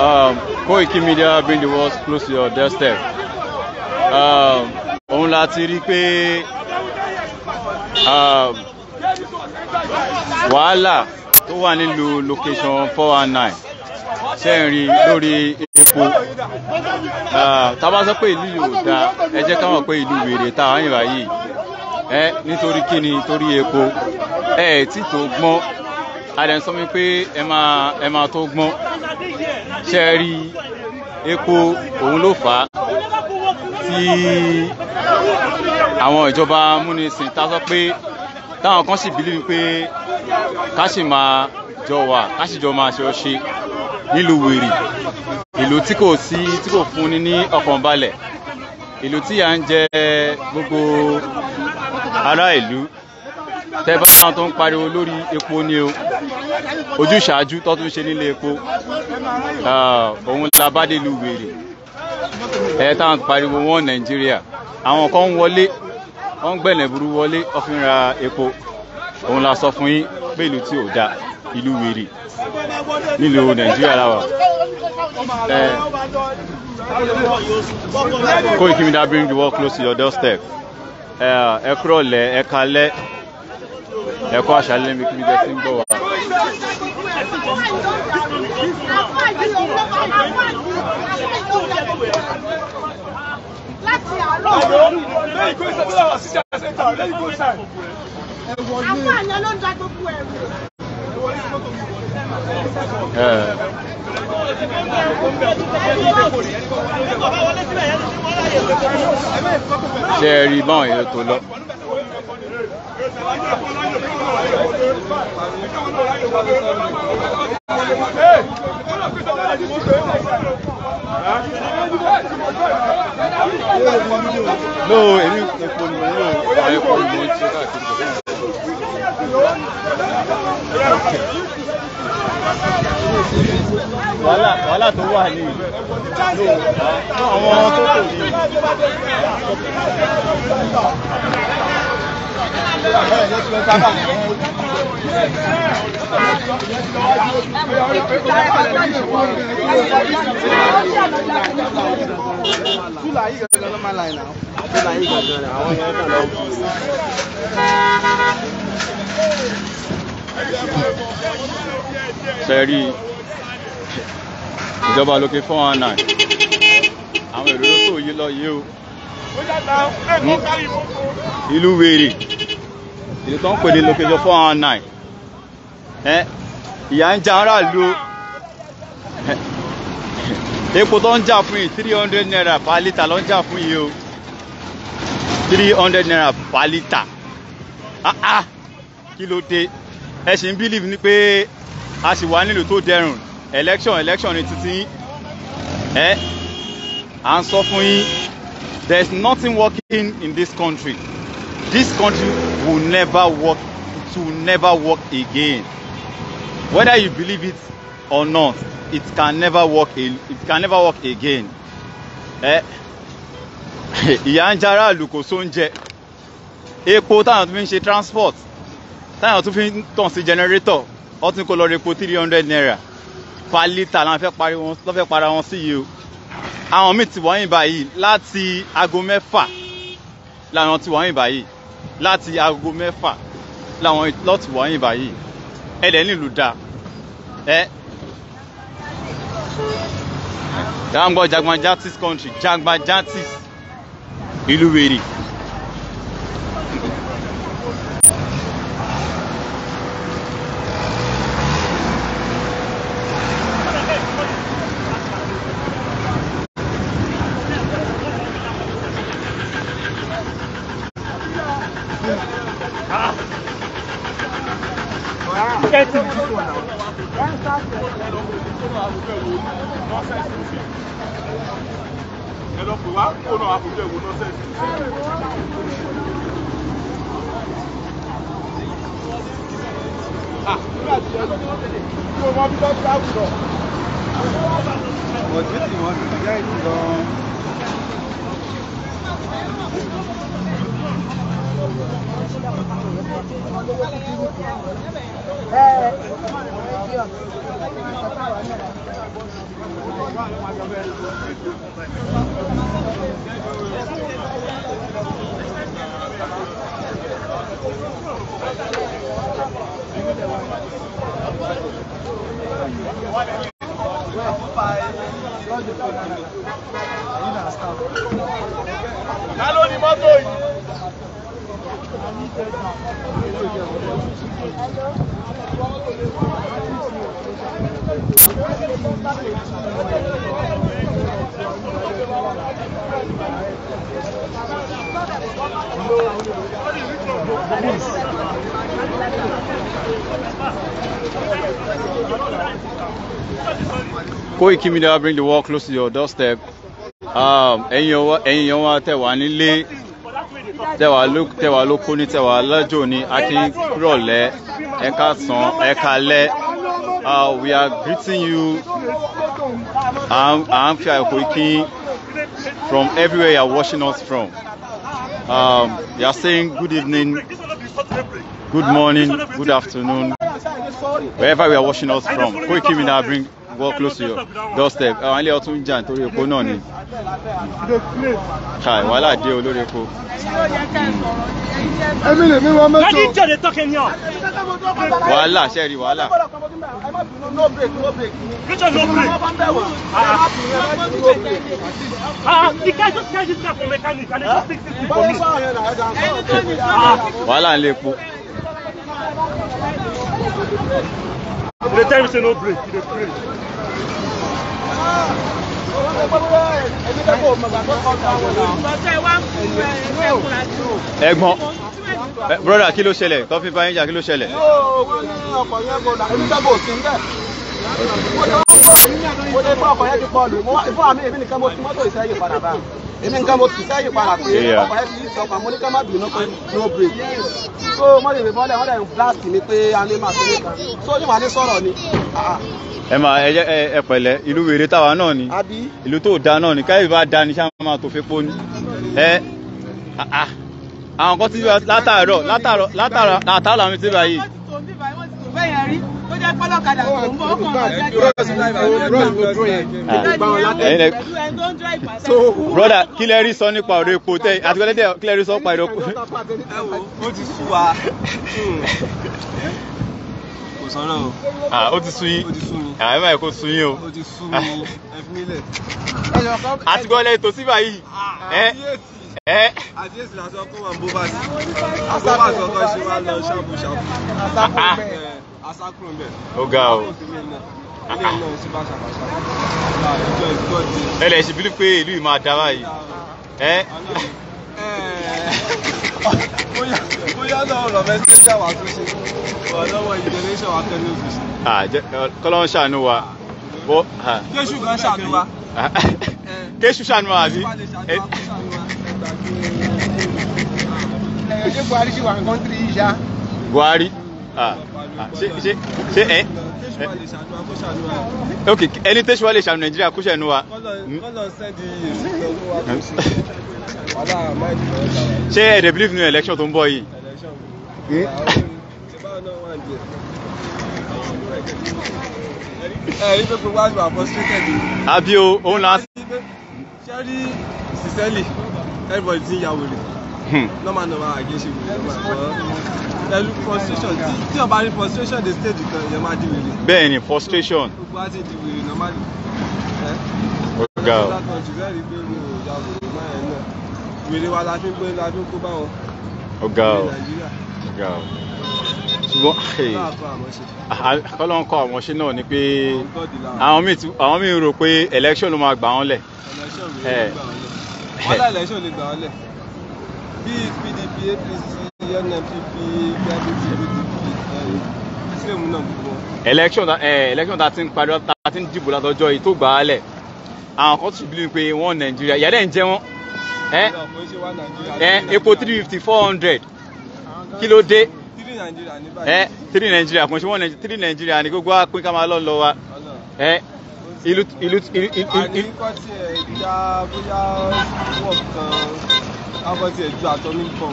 Um, Koiki Media bring the world close to your doorstep. Um, òun la ti rí pé um, wàhálà tó wà nílùú location four one nine ṣe lórí epo uh, tá a bá sọ pé ìlú yìí ò dáa ẹ jẹ́ káwọn pé ìlú wèrè tá a wáyìn báyìí ẹ nítorí kíni torí epo ẹ ẹ tí tó gbọ́n adẹ̀ ń sọ mi pé ẹ máa ẹ máa tó gbọ́n ṣe é rí epo òun ló fà á tí àwọn ìjọba múnisìn ta sọ pé táwọn kan sì bílíbi pé ká sì máa jọ wà ká sì jọ máa ṣe ọṣe nílùú wèrè ìlú tí kò sí tí kò fúnni ní ọkàn balẹ̀ ìlú tí à ń jẹ gbogbo ará ìlú tẹ bá ráwọn tó ń pariwo lórí epo ni o ojúṣàájú tó tún ṣe nílé epo òun labádélú wèrè ẹ táwọn pariwo wọn nàìjíríà àwọn kan ń wọlé wọn ń gbẹ̀lẹ̀ wọlé ọ̀fin ra epo òun la sọ fún yín pé ìlú tí ò da ìlú wèrè nílùú nàìjíríà láwà Koiki Media bring the world close to your doorstep ẹ kúrọ̀lẹ́ ẹ kalẹ́ ẹ̀kọ́ àṣálẹ́ mi kíbi tẹ́sí ń bọ̀ wá. láti àárọ̀. lẹ́yìn kó ṣe fúláwà sí ṣàṣẹ́ta lẹ́yìn kó ṣe. àwọn àyàn ló ń da gbogbo ẹ̀rù. ṣe é rí báwọn èèyàn tó lọ no èmi epo ni mo ń lò epo ni mo ń ṣe káàkiri. wàhálà wàhálà tó wà ní ìlú àwọn tó kò ní. Fúlàyí gẹ̀gẹ̀ ló máa láì náà. Fúlàyí gẹ̀gẹ̀ ni àwọn yẹn Sẹ́rí ìjọba lókè four one nine àwọn èrò tó yí lọ yìí o. Hmm? Ìlú wèrè èyí tó ń pè ní location four one nine ẹ ìyá ń jà aráàlú epo tó ń jà fún yìí three hundred naira per litre ló ń jà fún yìí o three hundred naira per litre ah ah kí ló dé ẹ ṣì ń believe ni pé a sì wà nílùú tó dẹrùn election election ni títí ẹ à ń sọ fún yín there is nothing working in this country this country will never work it will never work again whether you believe it or not it can never work it can never work again eh ìyà ń jẹ aráàlú kò sóúnjẹ epo táwọn tún fi ń ṣe transport táwọn tún fi ń tàn sí generator ó tún kó lọ repo three hundred naira per litre la fẹ́ parí wọn lọ́fẹ́ para wọn sí yìí o àwọn míì ti wọ́n yìn báyìí láti aago mẹ́fà làwọn ti wọ́n yìn báyìí láti aago mẹ́fà láwọn lọ́ọ̀tì wọ̀nyí báyìí ẹ̀dẹ̀ nílùú dáa ẹ. jàǹgbọ̀ jàǹgbà justice country jàǹgbà justice ìlú wèrè. ta ló ní mọ́tò yìí. Koiki Media bring the world close to your doorstep Um, ẹ̀yin yan wa tẹ̀ wá nílé tẹwàá ló tẹwàá ló kó ní tẹwàá lọ́jọ́ ní akínrọ̀lẹ́ ẹ̀ka sàn ẹ̀ka lẹ́ uh, we are greeting you à ń fi àìkú kín from everywhere you are watching us from um, you are saying good evening good morning good afternoon wherever you are watching us from Koiki Media bring walk close to your doorstep àwọn ilé ọtún ń jà nítorí epo náà ni kai wàhálà dé olórí epo. èmi mi wọ́n mẹ́tò. lẹ́yìn jẹ́rẹ̀ tọ́kẹ́ ni ọ. wàhálà sẹ́ẹ̀rì wàhálà. no no break. Ah, ah, no break. Ah. wàhálà ń lè po. The time say no break, you dey pray. ẹ̀gbọ́n broda kí ló ṣẹlẹ̀ tó fi jà kí ló ṣẹlẹ̀. ọkọ̀ yẹn kò là ń sí ń bẹ̀ mo dé fún ọkọ̀ yẹn ti pọ̀ lù fún àmì èmi nìkan mo ti mọ́tò ìsẹ́yìn padà bá èmi nǹkan mo ti sẹ́yìn padà pé ọkọ̀ yẹn ti sọ pa mo ní ká má bínú pé no break so mo lè bọ́lẹ̀ wọ́n lẹ̀ ń blast mi pé alẹ́ máa tó nìkan so ní wàá ní sọ̀rọ̀ ni. ẹ máa ẹ jẹ ẹ pẹ̀lẹ́ ìlú wèrè táwa náà ni ìlú tó da náà ni káyọ̀ bá da ni ṣáà máa tó fi pọ́ ni ẹ àwọn kan ti látàárọ̀ látàárọ̀ látàárọ̀ àtàwọn àmì ti báyìí tó jẹ́ pọ́lọ́kadà tó ń bọ̀ ọkàn lọ jáde. pẹ̀lú ẹni tó ń dúró ìpàṣẹ. broda kí lẹ rí sọ nípa ọ̀rọ̀ epo tẹ àti kọ́lẹ́dẹ̀ kí lẹ rí sọ pa ìrọ́pò. ẹ wo ó ti sú wa kò sọ̀rọ̀ o. ó ti sú yín ẹ máa kó sú yín o. ó ti sú o ẹ fi nílẹ̀. àti gbọ́dọ̀ kó wà ń bó bá sí. àbúrò àti ọkọ ṣe wá lọ ṣàbùṣàbù asakuro mbẹ. ó ga o. ẹ lè ṣe bílí pé ìlú yìí máa dá báyìí. ẹ bóyá náà ọ̀rọ̀ mẹ́sẹ̀ ń dà wá tó ṣe ọ̀lọ́wọ́ ìdẹ́lẹ́ṣẹ̀ wa kẹ́lẹ́ òṣìṣẹ́. kọ́lọ́ ń ṣàánú wa. jésù kan ṣàánú wa. jésù ṣàánú wa àbí. ẹ̀ẹ́dẹ́ buhari ṣì wà ní kọ́ńtírì yìí ṣá. buhari ṣe ṣe ẹ. ok ẹni tẹ́sùwá lè ṣàánú nàìjíríà kó ṣàánú wa. ṣé ẹ dẹ̀ believe nínú election tó ń bọ̀ yìí. ẹ̀rí pé gbogbo àjọ àfọ́sítẹ́tẹ̀ ni. àbí o Hmm. normal normal àgéṣe wèrè ló máa kọ́ pẹ̀lú frustration tí tí ọba rí frustration dey stage kan ìyẹn máa di wèrè. bẹ́ẹ̀ frustration. gbogbo á ti di wèrè normally. ó ga o. ọ̀gá kan jù bẹ́ẹ̀ wa la fi ń la fi ń kó wọn. ó ga o ó ga o ṣùgbọ́n kọ́lọ́n kọ́ àwọn ṣe náà ni pé àwọn míì rò pé election ló máa gbà wọ́n lẹ̀. election ló máa gbà wọ́n lẹ̀. wọ́n lá election lè gbà wọ́n lẹ̀. Biz PDP, APC, NPP, PDP, PDP, Muslim náà gbogbo. Election eh, election ta ti ń parí ta ti ń dìbò látọjọ́ yìí tó gbà á lẹ̀. Àwọn kan tún bíi pé wọ́n Nàìjíríà ìyá dẹ̀ ń jẹ wọ́n. Eh, eh, epo three fifty four hundred kí ló dé? Three Nàìjíríà kò ń ṣe wọ́n Nàìjíríà three Nàìjíríà ni gbogbo àpín ká máa lọ lọ wa ìlú ìlú ìlú ìlú. àní kọ́ tiẹ̀ ya bóyá wọ̀ kan akọtì ẹ ju àtọmí bọm.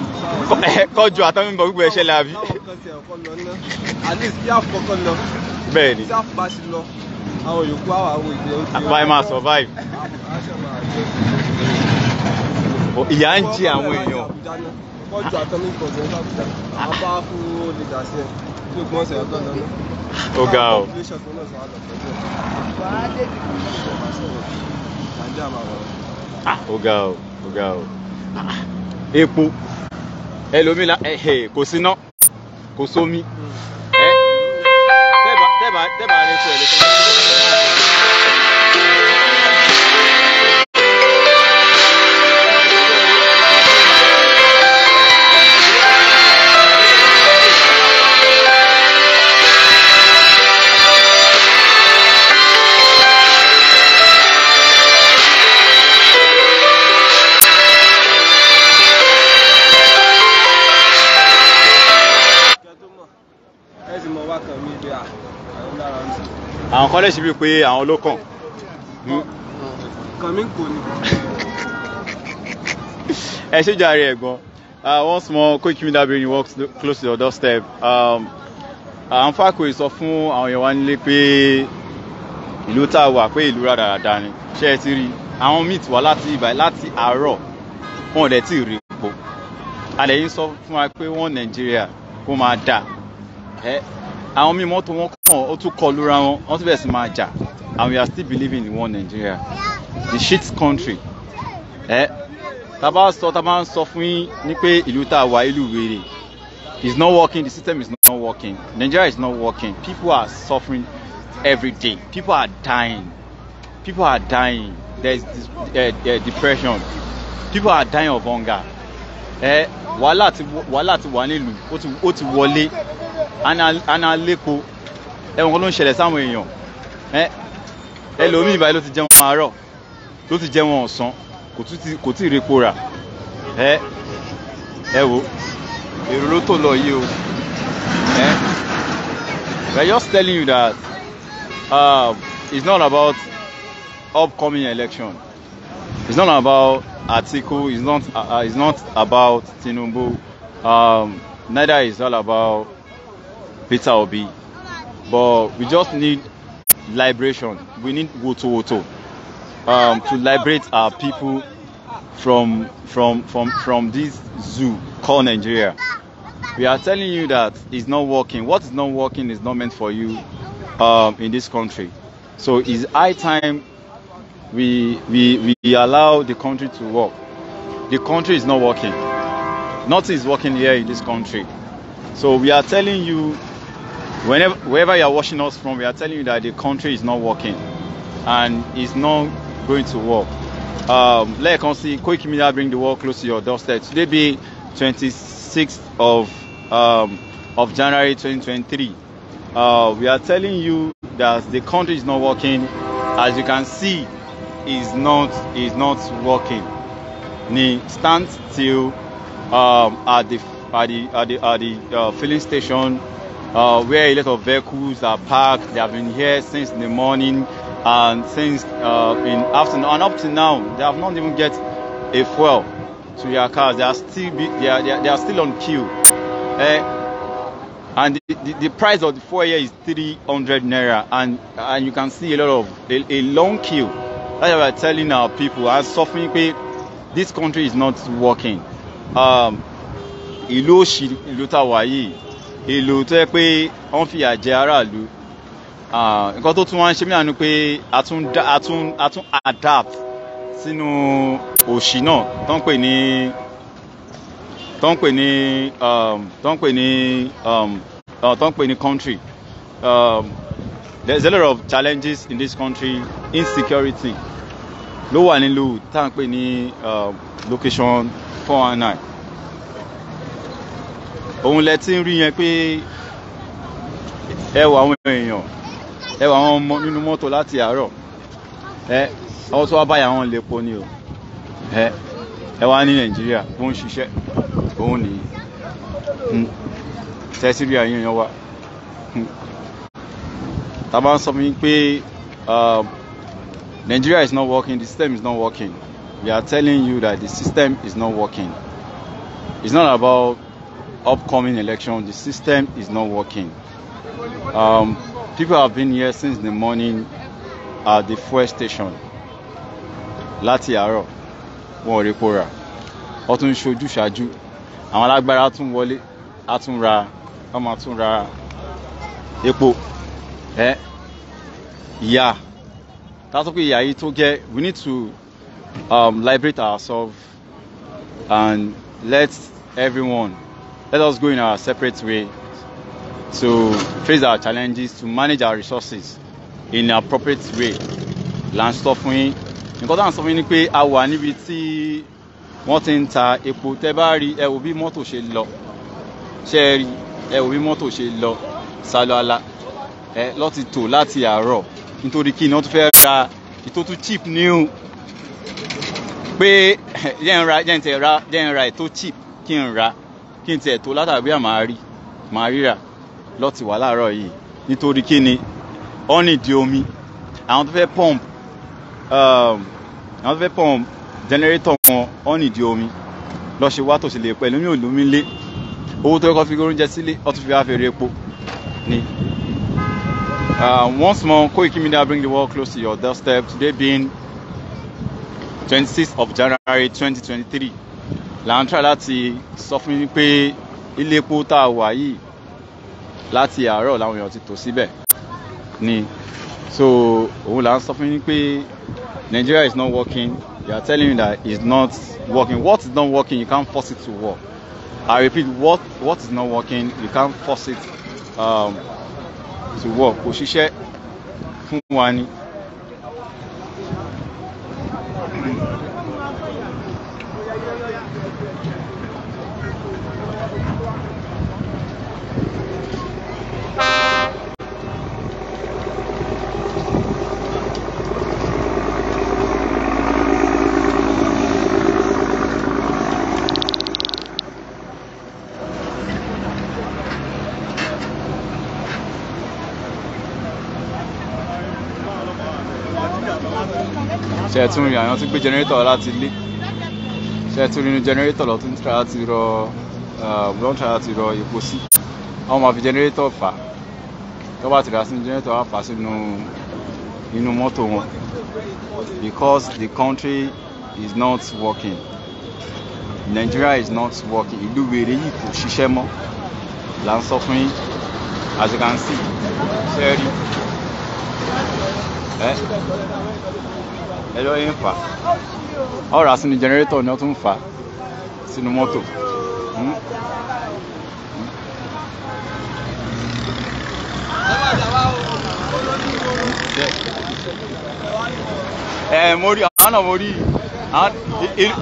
kọ́ ju àtọmí bọm gbogbo ẹ̀ṣẹ̀ la bí. káwọn kan ti ẹ̀kọ́ lọ ná at least bí àfọkọ́ lọ. bẹ́ẹ̀ ni tí àfọkọ́ sì lọ àwọn yòókù àwọn àwọn ìdè ó ti. àbáyé máa survive. ìyá ń jẹ àwọn èèyàn. ó ga o. wàá ah, ó ga o ó ga o epo ẹlòmíì la kò síná kò sómi mm. tẹ́bà tẹ́bà tẹ́bà rẹ fún ẹ lè àwọn kọ́lẹ́jì bíi pé àwọn ló kàn. kàmí hmm. kò ní. ẹ ṣe jàre ẹ̀gbọ́n once more Koiki Media Building walk close to your doorstep à ń fàkóyè sọ fún àwọn èèyàn wa nílé pé ìlú tá a wà pé ìlú rádaràda ni ṣé ẹ ti rí àwọn meat wá láti ibà láti àárọ̀ wọn ò dẹ̀ tí ì rí epo àlẹ́ yìí sọ fún wa pé wọ́n Nàìjíríà kó máa dà àwọn míì mọ́tò wọn kàn ó tún kọ lura wọn wọ́n tún bẹ̀rẹ̀ sí máa jà and we are still believing in one Nigeria the shit country ẹ tá a bá sọ tá a bá ń sọ fún yín ní pé ìlú tá a wà ìlú wèrè is not working the system is not working Nigeria is not working people are suffering every day people are dying people are dying there is uh, uh, depression people are dying of hunger ẹ wàhálà ti wàhálà ti wà nílùú ó ti wọlé àná lépo ẹ̀wọ̀n kan ló ń ṣẹlẹ̀ sáwọn èèyàn ẹlòmíì báyìí ló ti jẹun àárọ̀ ló ti jẹun ọ̀sán kò tí ì repo rà ẹ wo èrò ló tó lọ yìí o we are just telling you that uh, it's not about upcoming election it's not about Atiku it's not uh, it's not about Tinubu um, neither is all about Peter Obi. But we just need liberation. We need Woto Woto um, to liberate our people from from from from this zoo called Nigeria. We are telling you that it's not working. What is not working is not meant for you um, in this country. So it's high time we, we we allow the country to work. The country is not working. Nothing is working here in this country. So we are telling you whenever wherever you are watching us from, we are telling you that the country is not working and it's not going to work. Um, let us see quick media bring the world close to your doorstep. Today be 26th of um, of January 2023. Uh, we are telling you that the country is not working. As you can see, is not is not working. Ni stand still um, at the at the at the, at the uh, filling station uh, where a lot of vehicles are parked. They have been here since the morning and since uh, in afternoon and up to now, they have not even get a fuel to their cars. They are still be, they, are, they, are, they are still on queue. Uh, and the, the, the price of the fuel here is 300 naira, and and you can see a lot of a, a long queue. That's why we're telling our people and suffering pay. This country is not working. Um, ìlú òṣì ìlú tá a wà èlò tó yẹ pé wọ́n fìyà jẹ aráàlú nǹkan tó tún wá ń ṣe mí pé a tún adapt sínú òṣì náà tó ń pè ní tó ń pè ní um, tó ń pè ní um, uh, tó ń pè ní country um, there's a lot of challenges in this country insecurity ló wà nílùú tá à ń pè ní um, location four one nine òun lẹ ti ń rí yẹn pé ẹwà àwọn èèyàn ẹwà àwọn ọmọ nínú mọ́tò láti àárọ̀ ẹ ọwọ́ tó wá báyà wọn lè po ni o ẹ ẹ wá ní nàìjíríà bó ń ṣiṣẹ́ òun nìyí hmm. tẹ́sírí àyè èèyàn wa hmm. ta bá ń sọ mi pé um, Nigeria is not working the system is not working we are telling you that the system is not working it's not about upcoming election, the system is not working. Um, people have been here since the morning at the fuel station láti àárọ̀ wọn ò rí epo rà wọ́n tún ń ṣojú ṣáájú àwọn alágbára tún wọlé á tún ra wọ́n máa tún ra epo ẹ ìyá tátó ìyá yìí tó jẹ́ we need to um, liberate ourselves and let everyone let us go in our separate way to face our challenges to manage our resources in an appropriate way Land ń sọ fún yín nǹkan tá à ń sọ ni pé a wà níbi tí wọ́n ti ń ta epo tẹ́ bá rí ẹ wò bí mọ́tò ṣe lọ ṣe é rí ẹ wò bí mọ́tò ṣe lọ sálọ ala ẹ lọ́ ti tò láti àárọ̀ nítorí kí iná tó fẹ́ ra ìtótú cheap new pé jẹ́ ń ra jẹ́ ń tẹ̀ ra jẹ́ ń ra ètò cheap kí n ra kí n tiẹ̀ tó látàbí àmàá rí màá ríra lọ́ọ̀tì wà láàárọ̀ yìí nítorí kí ni ọ́nì di omi àwọn tó fẹ́ pump um, àwọn tó fẹ́ pump generator wọn ọ́nì di omi lọ́ọ́ ṣe wá tòṣìlè pẹ̀lú mi ò lómi lé owó tó yẹ fi oúnjẹ sílé ọtún fi wá fèrè epo ni. Uh, once more, Koiki Media bring the world close to your doorstep. Today being 26th of January 2023 là ń try láti sọ fún yín pé ilé epo tá a wà yìí láti àárọ̀ làwọn èèyàn ti tò síbẹ̀ ni so òun là ń sọ fún yín pé Nigeria is not working they are telling you that it's not working what is not working you can't force it to work I repeat what what is not working you can't force it um, to work kò ṣiṣẹ́ fún wa ni. ṣe ẹ tún rí àwọn tó gbé jẹnẹrétọ̀ láti ilé ṣe ẹ tún rí inú jẹnẹrétọ̀ lọ tó ń tà láti rọ lọ ń tà láti rọ epo sí àwọn máa fi jẹnẹrétọ̀ fà tó bá ti rà sínú jẹnẹrétọ̀ á fà sínú inú mọ́tò wọn because the country is not working Nigeria is not working ìlú wèrè yìí kò ṣiṣẹ́ mọ́ là ń sọ fún yín as you can see ṣe rí ẹ̀rọ yìí ń fà á ọ̀rọ̀ àsìnì jẹnẹrétọ̀ ni wọ́n tún ń fà á sínú mọ́tò. ẹ hmm? hmm? eh, mo rí àwọn náà mo rí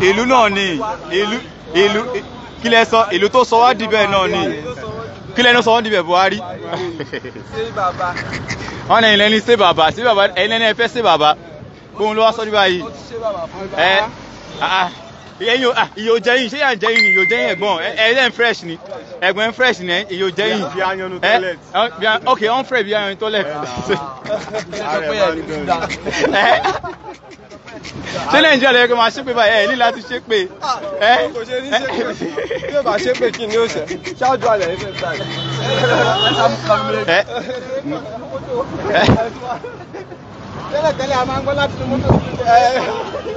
ìlú náà ni ìlú ìlú kí lẹ sọ ìlú tó sọ wá dìbẹ̀ náà ni kí lẹ́nu sọ wọ́n dìbẹ̀ Buhari. wọ́n ní ilẹ̀ ní ṣé bàbá ṣé bàbá ẹ̀yin lẹ́ni ẹ fẹ́ ṣé bàbá òun ló wá sọ́dí báyìí ẹ ìyó jẹyìn ṣé yàn jẹyìn ni ìyó jẹyìn ẹ̀gbọ́n ẹlẹ́n fresh ni ẹ̀gbọ́n fresh ni ìyó jẹyìn bí ok on fresh bí ayanu toilet ṣé nàìjíríà lè kó máa ṣépè báyìí ẹ ní láti ṣépè ẹ kò ṣe ní ṣépè bí ó bá ṣépè kí ni ó ṣe ṣáájú alẹ ẹ fẹẹ báyìí ẹ ẹ tẹ́lẹ̀tẹ́lẹ̀ a máa ń gbọ́ láti inú mọ́tò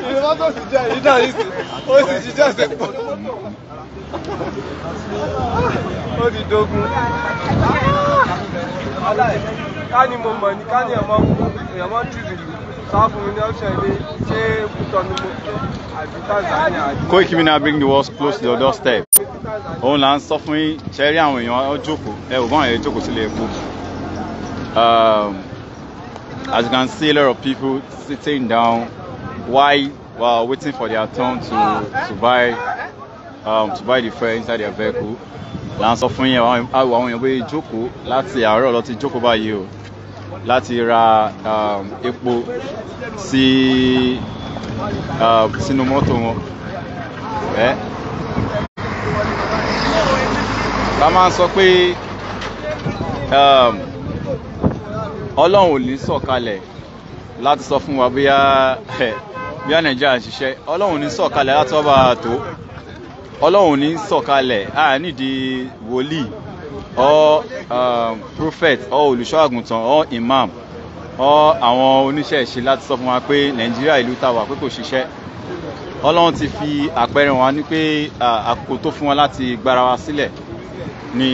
inú mọ́tò sì jẹ́ èyí náà yìí ó sì jíjẹ́ sí pọ̀ ó ti dogun ká ní mo mọ̀ ní ká ní ẹ̀mọ́ ẹ̀mọ́ tìrì Koiki Media bring the walls close to your doorstep. Òun là ń sọ fún yín, ṣe rí àwọn èèyàn ọjọ́kù, ẹ ò bá àwọn èèyàn jókòó sílé epo. Um, As you can see, a lot of people sitting down while waiting for their turn to, to buy um, to buy the fare inside their vehicle. Là ń sọ fún yín àwọn àwọn èèyàn pé jókòó láti àárọ̀ lọ ti jókòó báyìí o láti ra um, epo sí um, sínú mọ́tò wọn. Ká máa sọ pé. Um, ọlọ́run ò ní sọ̀kalẹ̀ láti sọ fún wa bóyá bí a nàìjíríà ń ṣiṣẹ́ ọlọ́run ní sọ̀kalẹ̀ láti ọba àtò ọlọ́run ní sọ̀kalẹ̀ a nídìí wòlíì ọ prophet ọ olùṣọ́àgùntàn ọ imam ọ àwọn oníṣẹ́ ìṣe láti sọ fún wa pé nàìjíríà ìlú ta wà pé kò ṣiṣẹ́ ọlọ́run ti fi àpẹẹrẹ wọn ní pé àkókò tó fún wọn láti gbára wa sílẹ̀ ni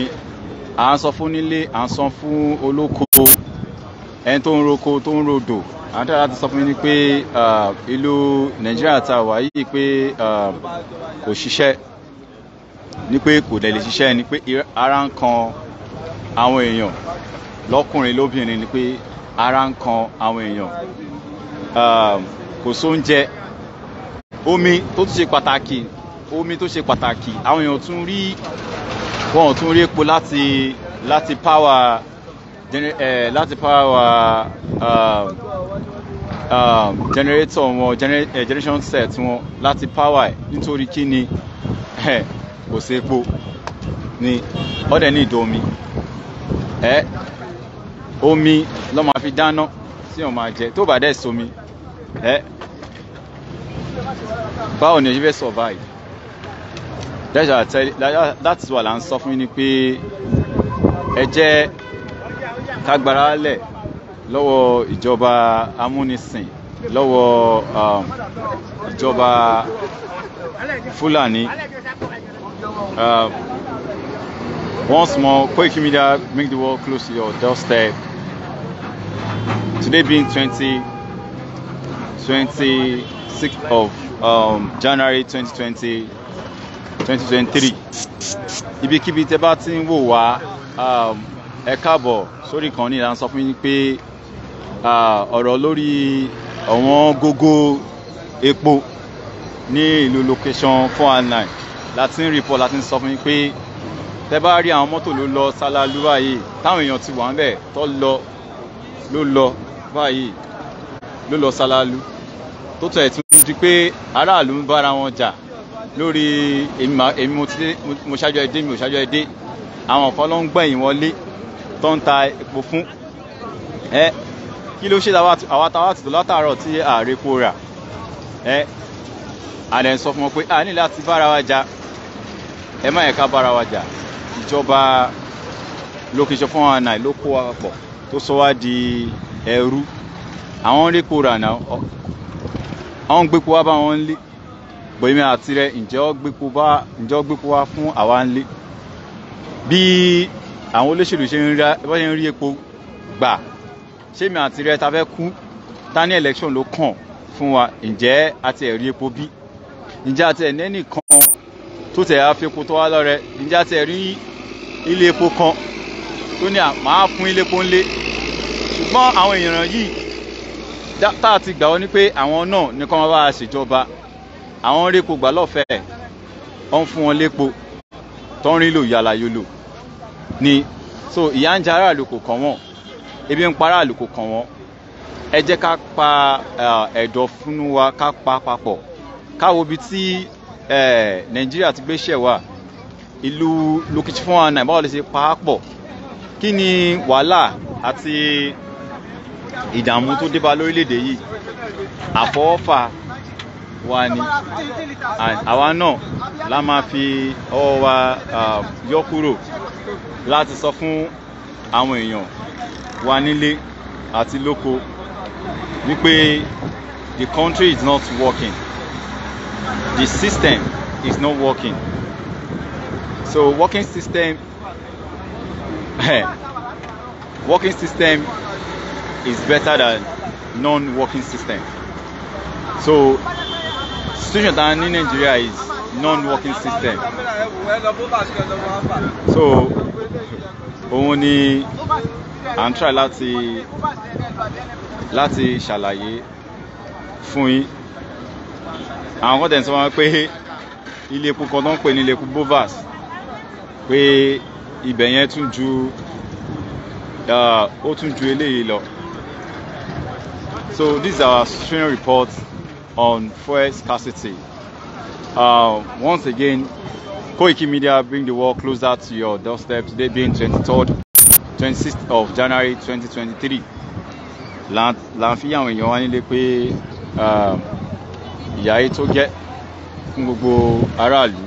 à ń sọ fún nílé à ń sọ fún olóko ẹni tó ń roko tó ń rodò àwọn ti sọ fún mi ni pé ìlú nàìjíríà ta wà yìí pé kò ṣiṣẹ́ ni pé kò lè ṣiṣẹ́ ni pé ara ń kan àwọn èèyàn lọ́kùnrin lóbìnrin ni pé ara ń kan àwọn èèyàn kò sóúnjẹ omi tó tún ṣe pàtàkì omi tó ṣe pàtàkì àwọn èèyàn tún rí wọn tún rí epo láti láti power Eh, láti power um, um, generator wọn gener uh, eh, generation set wọn láti power ẹ̀ nítorí kí ni kò sí epo ni ọ̀dẹ̀ ní ìdó omi ẹ̀ omi ló máa fi dáná tí wọ́n máa jẹ tó bá dẹ̀ somi ẹ̀ báwo ni o ṣe fẹ́ survive that's why I tell you that's why là ń ni pé ẹ jẹ́ kágbára lẹ̀ lọ́wọ́ ìjọba amúnisìn lọ́wọ́ um, ìjọba Fulani. Um, once more, Koiki Media, make the world close your doorstep. Today being 20, 26th of um, January 2020, 2023. Ibikíbi tẹ́ bá ti ń wò wá, um, ẹ káàbọ̀ sórí kan ní ìlànà sọ fún mi pé ọ̀rọ̀ lórí ọ̀wọ́n gógó epo ní ìlú location four and nine láti ń report láti ń sọ fún mi pé tẹ bá rí àwọn mọ́tò ló lọ sálálú báyìí táwọn èèyàn ti wà ń bẹ̀ tó lọ ló lọ báyìí ló lọ sálálú tó tẹ̀ tún di pé aráàlú ń bára wọn jà lórí èmi mo ṣáájú ẹdẹ mi ò ṣáájú ẹdẹ àwọn kan ló ń gbẹ̀yìn wọlé tó ń ta epo fún ẹ kí ló ṣe àwa táwa ti tó látàárọ̀ tí ààrẹ epo rà ẹ àlẹ́ ń sọ fún wọn pé a ní láti bára wa jà ẹ má yẹ ká bára wa jà ìjọba lókèjọ fún wa náà ló kó wa pọ̀ tó sọ wá di ẹrú àwọn epo rà náà àwọn gbépo wá bá wọn lé bòyí àti rẹ ǹjẹ́ ọ gbépo wá fún àwa ń lé bí àwọn olóṣèlú ṣe ń rí epo gbà ṣé mi àti rẹ ta fẹ́ kú ta ní election ló kàn fún wa ǹjẹ́ àti ẹ̀rí epo bí ǹjẹ́ àti ẹ̀ní ẹnìkan tó tẹ̀ àfẹ́kù tó wá lọ́rẹ ǹjẹ́ àti ẹ̀rí ilé epo kan tó ní àmà fún ilé epo ńlé ṣùgbọ́n àwọn èèyàn yìí tá a ti gbà wọ́n ní pé àwọn náà nìkan máa bá a ṣèjọba àwọn rí epo gbà lọ́fẹ̀ẹ́ wọ́n fún wọn lépo tó lò yàlàyò lò ni so ìyà ń jẹ aráàlú kò kàn wọ́n ebi ń pa aráàlú kò kàn wọ́n ẹ jẹ́ ká pa ẹ̀dọ̀ fúnú wa ká pa papọ̀ káwo ibi tí nàìjíríà ti gbé ṣẹ̀ wà ìlú lókìtì fún wa náà báwo lè ṣe pa á pọ̀ kí ni wàhálà àti ìdààmú tó dé bá yìí àfọwọ́fà wa ni àwa náà la máa fi ọwọ́ wa yọ kúrò láti sọ fún àwọn èèyàn wa nílé àti lóko wípé the country is not working the system is not working so working system working system is better than non-working system so situation down in Nigeria is non-working system. So òun ni à ń try láti láti ṣàlàyé fún yín àwọn kan tẹ̀sán wọn pé ilé kan tó ń pè ní ilé bovas pé ibẹ̀ yẹn tún ju ó tún ju eléyìí lọ so this is our screen report on fuel scarcity uh, once again Koiki Media bring the world closer to your doorstep today being 23rd 26th of January 2023 là ń fi àwọn èèyàn wá nílé pé um, ìyáyé tó jẹ́ fún gbogbo aráàlú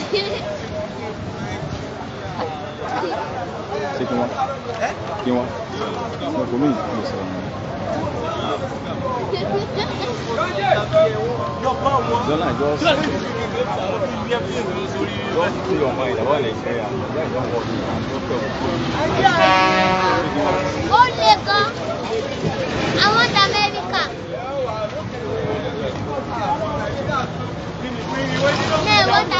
ṣé kí wọ́n kí wọ́n mo kò mí ìlú sọ̀rọ̀ mi. zọ́nà jọ sọ jọ sí ọmọ ìdáwọ́ nàìjíríà ìyá ìjọ wọ ní àjọpọ̀ òkú. ó le gan àwọn ti amẹ́ríkà. Hey, what's that?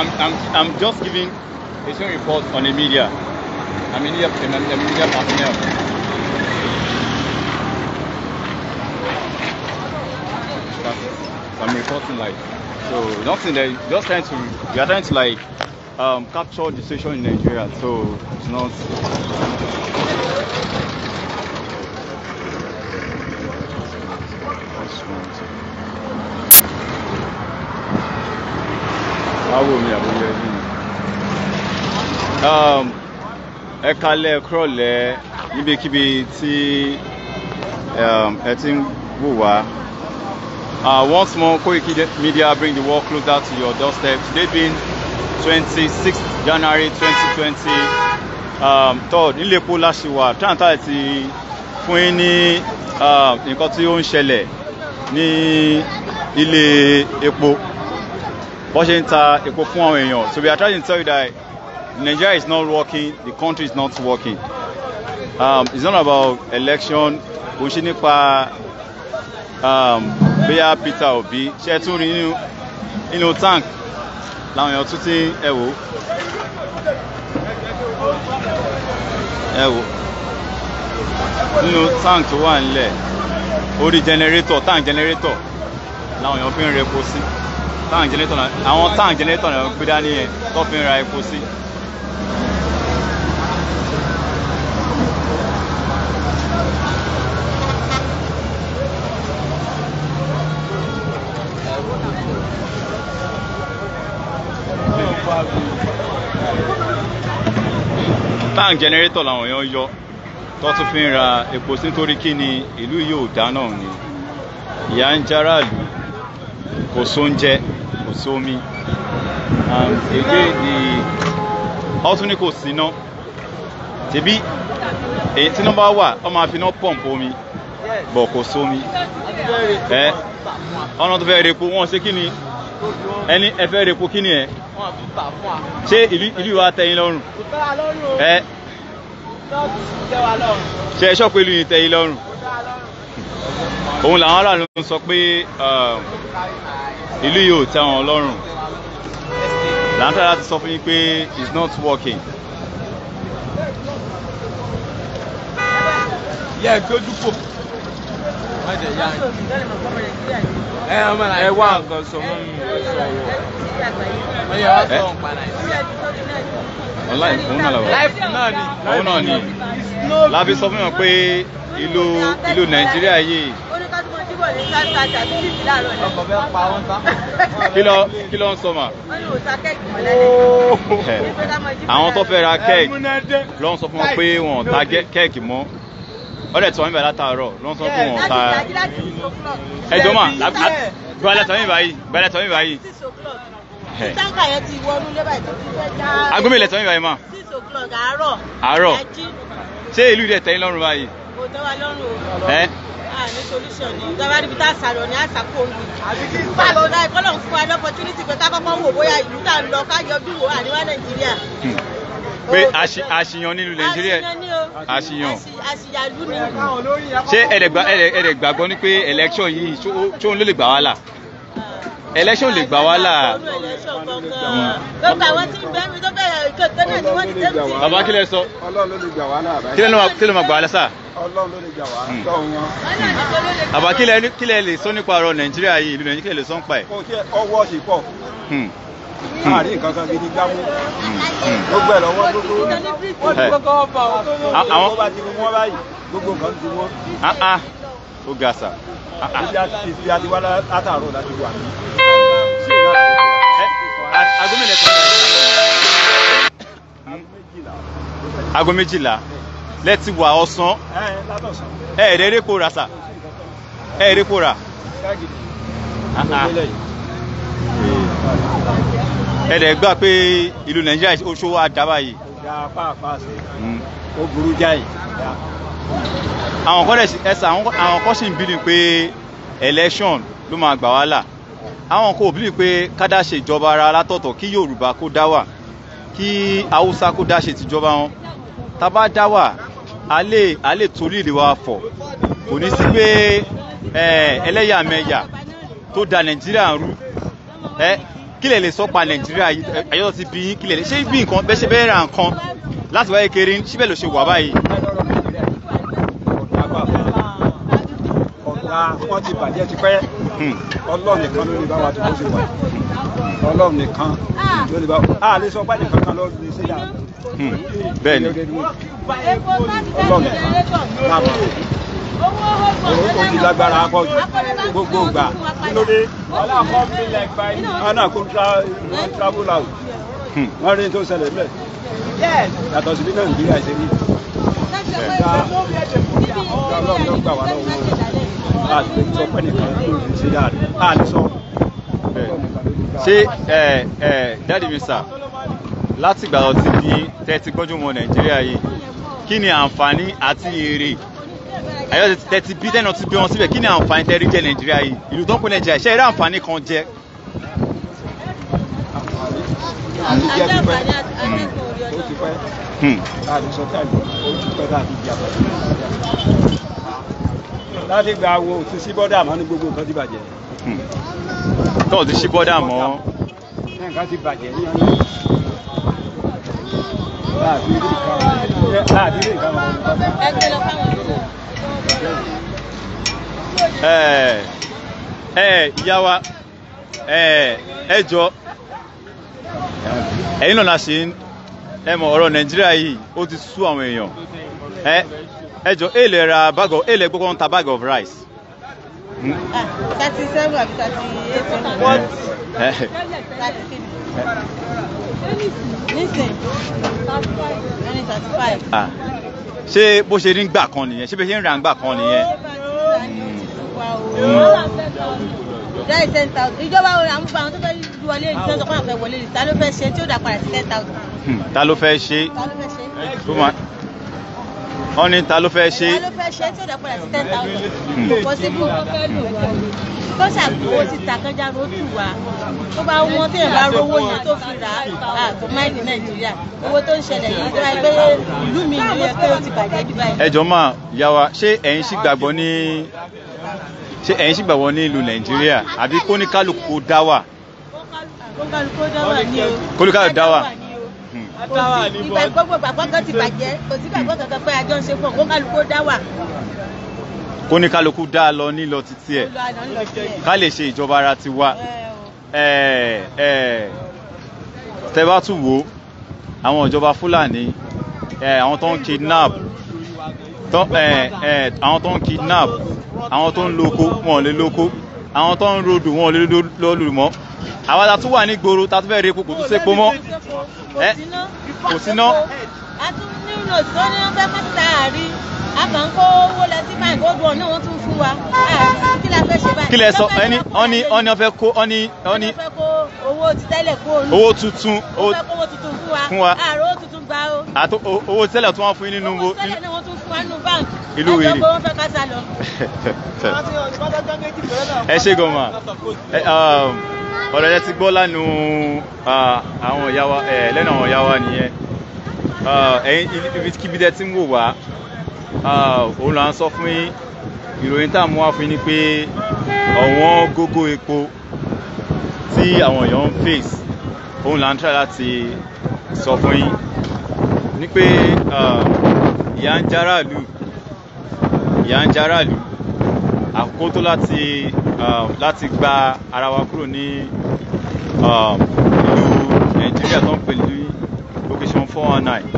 I'm, I'm, I'm just giving a short report on the media. I'm media, I'm, I'm media personnel. I'm reporting like so nothing there. Just trying to we are trying to like um, capture the situation in Nigeria. So it's not. Um, ẹ kalẹ̀ kúrọ̀lẹ́ níbikíbi tí um, ẹ ti ń wò wá. Uh, once more, Koiki Media bring the world closer to your doorstep. Today being 26th January 2020, um, third nílépo láṣìwà tíráǹtà ti fún yín ní uh, nǹkan tí ó ń ṣẹlẹ̀ ní ilé epo bó ń ta epo fún àwọn èèyàn so we are trying to tell you that Nigeria is not working the country is not working um, it's not about election kò ṣe nípa um, bóyá Peter Obi ṣe tún rí nínú nínú tank làwọn èèyàn tún ti ẹ wò ẹ wò nínú tank tó wà nílẹ̀ orí generator tank generator làwọn èèyàn fi ń repo sí. Si táwọn jẹnẹtọ náà àwọn táwọn jẹnẹtọ náà gbé dání yẹn tó fi ń ra epo sí. táwọn jẹnẹrétọ̀ làwọn èèyàn yọ tó tún fi ń ra epo sí nítorí kí ni ìlú yóò dáná ni ìyà ń jẹ kò sóúnjẹ kò sómi and um, again the wọ́n tún ní kò síná tẹ̀bí èyí tí nọ́mbà wà wọ́n máa fi iná pọ̀m̀pù omi bọ̀ kò sómi ẹ ọ̀nà tó fẹ́ repo wọ́n ṣe kí ni ẹni ẹ fẹ́ repo kí ni ẹ ṣé ìlú wa tẹ́yìn lọ́rùn ẹ ṣe ẹ ṣọ́pẹ́ ìlú yìí tẹ́yìn lọ́rùn òun làwọn aráàlú ń sọ pé ìlú yìí ò tẹ́ wọn lọ́rùn làǹtà láti sọ fún yín pé it's not working. yẹ kí ojú kò ẹ ọmọ náà ẹ wá nǹkan sọ mọ mi ẹ sọ wọ ẹ wá sọ nǹkan náà. online òun náà lọ. òun náà ni lábí sọ fún yàn pé ìlú ìlú nàìjíríà yìí. kí ló kí ló ń sọ mà. àwọn tó fẹ́ ra kẹ́ẹ̀kì ló ń sọ fún wọn pé wọn ò ta kẹ́ẹ̀kì mọ́ wọ́n dẹ̀ tọ́ níbẹ̀ látàárọ̀ ló ń sọ fún wọn ta ẹjọ́ mà gbọ́dọ̀ tọ́ níbẹ̀ yìí gbọ́dọ̀ tọ́ níbẹ̀ yìí. táǹkà yẹn ti wọnú lébà ìtọ́jú fẹ́ já. agbómi ilẹ̀ tọ́ níbẹ̀ yìí mà. six o'clock àárọ̀. àárọ̀ ṣé ìlú ìdẹ̀ tẹ́yìn lọ́rùn báyìí tẹ́ eh? ẹ. Hmm. pé àṣìyàn nílùú nàìjíríà àṣìyàn ṣé ẹ̀ẹ́dẹ̀gbàgbọ́ ni pé election yìí tó ń lè gbà wá là election lè gbà wá là. lọ́pọ̀ àwọn tí ń bẹ́ mi tó bẹ̀rẹ̀ ìkọ̀tọ́ náà ni wọ́n ti dẹ́kun sí. bàbá kílẹ̀ sọ. ọlọ́run ló lè gbà wá là. kílẹ̀ ló máa gbà wá là sà. ọlọ́run ló lè gbà wá lọ hmm. wọn. bàbá kílẹ̀ kílẹ̀ lè sọ nípa ọ̀rọ̀ nàìjíríà yìí ìlú nàìjíríà lè sọ ń pa ẹ̀. ọwọ́ sì pọ̀ láàrin hmm. nǹkan kan gidi gbámú gbogbo ẹ̀ lọ́wọ́ gbogbo wọ́n ti kọ́kọ́ ọba ọ̀ tó yọ ó ga sà. ìfi àtiwá látàárọ̀ láti wà ní. ṣé ìlà àgọ́mẹ̀lẹ̀ eh, kan náà. aago méjìlá lẹ́tì wà ọ̀sán ẹ̀ ẹ̀rẹ́ rẹ́pò rà sà ẹ̀ ẹ̀rẹ́ rẹ́pò rà ẹ dẹ̀ gbà pé ìlú nàìjíríà oṣù wa dábàá yìí. ó burú jáì àwọn kọ́ ẹ̀sà àwọn kọ́ sì ń bílí pé election ló máa gbà wá là àwọn kò bílí pé kádà ṣe ìjọba ara látọ̀tọ̀ kí Yorùbá kó dá wà kí Haúsá kó dá ṣe tìjọba wọn tá a bá dá wà a lè a lè torí ìlú wa fọ̀ kò ní sí pé ẹlẹ́yàmẹ̀yà tó da Nàìjíríà rú ẹ kí lè lè sọ pa Nàìjíríà ayọ́tọ̀ ti bí kí lè lè ṣé bí nǹkan bẹ́ẹ̀ ṣe bẹ́ẹ̀ ra nǹkan láti wáyé kéré síbẹ̀ ló ṣe wà báyìí wọ́n ti bàjẹ́ ti pẹ́ hmm. ọlọ́run nìkan ló lè bá wa tó bó ṣe wà ọlọ́run nìkan ló lè bá wa a lè sọ báyìí kankan lọ lè ṣe yàrá hmm. bẹ́ẹ̀ ni ọlọ́run nìkan láàbọ̀ orúkọ ti lágbára akọjú gbogbo ìgbà kí ló dé ana kò travel out hmm. wọ́n rí tó ṣẹlẹ̀ bẹ́ẹ̀ yàtọ̀ sí bí nàìjíríà ṣe rí ọlọ́run ló gbà wá lọ́wọ́ àti sọ pé nìkan ṣe dáadáa àti sọ. ṣé dáàdì mi sà láti ìgbà tó ti di tẹ́tí gbọ́njúmọ́ nàìjíríà yìí kí ni àǹfààní àti èrè ayọ́ tẹ́tí bí tẹ́nà ti bí wọn síbẹ̀ kí ni àǹfààní tẹ́rí jẹ́ nàìjíríà yìí ìlú tó ń pè nàìjíríà ṣé eré àǹfààní kan jẹ́ àmújẹ́ láti gba wo ti sí bọ́dà mọ́ ní gbogbo nǹkan ti bàjẹ́. tó o ti sí bọ́dà mọ́. nǹkan ti bàjẹ́ ní ọ̀nà ẹ ẹ ìyá wa ẹ ẹ jọ ẹ̀yin náà la ṣe ń ẹ mọ̀ ọ̀rọ̀ nàìjíríà yìí ó ti sú àwọn èèyàn ẹ ẹ jọ èèlè ra bag of èèlè gbọ́kọ́ ta bag of rice. Hmm? thirty seven àbí thirty eight what thirty six nísìn thirty five. Ah. ṣé bó ṣe rí ń gbà kan nìyẹn ṣé bó ṣe ń ra ń gbà kan nìyẹn jẹ́ ten thousand ìjọba àwọn àwọn tó fẹ́ wọlé ìjọba tó kọ́nà fẹ́ wọlé yìí ta ló fẹ́ ṣe tí ó dà padà sí ten thousand. Hmm, ta ló fẹ́ ṣe. ta ló fẹ́ ṣe. wọ́n ní ta ló fẹ́ ṣe. ta ló fẹ́ ṣe tí ó dà padà sí ten thousand. kò sí fún kó ṣàkóso ti tàkànjá ló tù wá tó bá wọ́n téèyàn bá rówó yẹn tó fi rà á kò má ní nàìjíríà owó tó ń ṣẹlẹ̀ yìí tó bá gbé ìlú mi ní ẹ̀kọ́ ti bàjẹ́ jù báyìí. ẹ jọ̀ọ́ máa yá wa ṣé ẹ̀yin sì gbàgbọ́ ní ṣé ẹ̀yin sì gbàgbọ́ ní ìlú nàìjíríà àbí kó ní kálukú dá wà. kólúkálukú dá wà ní o. kólúkálukú dá wà ní o. ìgbàgbọ́ gbàgbọ́ kan ti bàjẹ́ kò sí gbàgbọ́ kankan pé àjọ ń ṣe pọ̀ kólúkálukú dá wà. kó ní kálukú dá lọ nílọ títí ẹ̀ ká lè ṣe ìjọba ara tiwa tẹ bá tún wo àwọn ìjọba fúlàní àwọn tó ń kidnap àwọn tó ń kidnap àwọn tó ń loko wọn ò lè loko àwọn tó ń rodò wọn ò lè lọ́lù mọ́ àwa ta tún wà ní gbòòrò ta tún fẹ́ rí epo kò tún sépo mọ́ kò síná. a tún nílò tó ní wọn fẹ́ pátá àárí a ń kó owó lọ sí báyìí gbogbo ọ̀nà wọn tún fún wa kí la fẹ́ ṣe báyìí. kí lẹ sọ ẹni ọni ọni ọfẹ kó ọni ọni. ọni ọfẹ kó owó títẹ́lẹ̀ kó olú. owó tuntun owó tuntun fún wa. fún wa àrò owó tuntun gbà o. àti owó títẹ́lẹ̀ tí wọ́n fún yín nínú. owó ìlú wèrè ẹ ṣe gan ma um, ọ̀rọ̀ ti gbọ́ lánàá uh, àwọn ìyá wa lẹ́nu àwọn ìyá wa nìyẹn uh, ẹ̀yin ibikíbi tẹ́ ti ń wò wá uh, òun là ń sọ fún yín ìròyìn tá à mú wá fún yín ni pé ọ̀wọ́n gógó epo tí àwọn èèyàn ń face òun là ń try láti sọ fún yín ni pé ìyà ń járàlú ìyà ń járàlú àkókò tó láti láti gba ara wa kúrò ní ìlú nàìjíríà tó ń pè ní location four one nine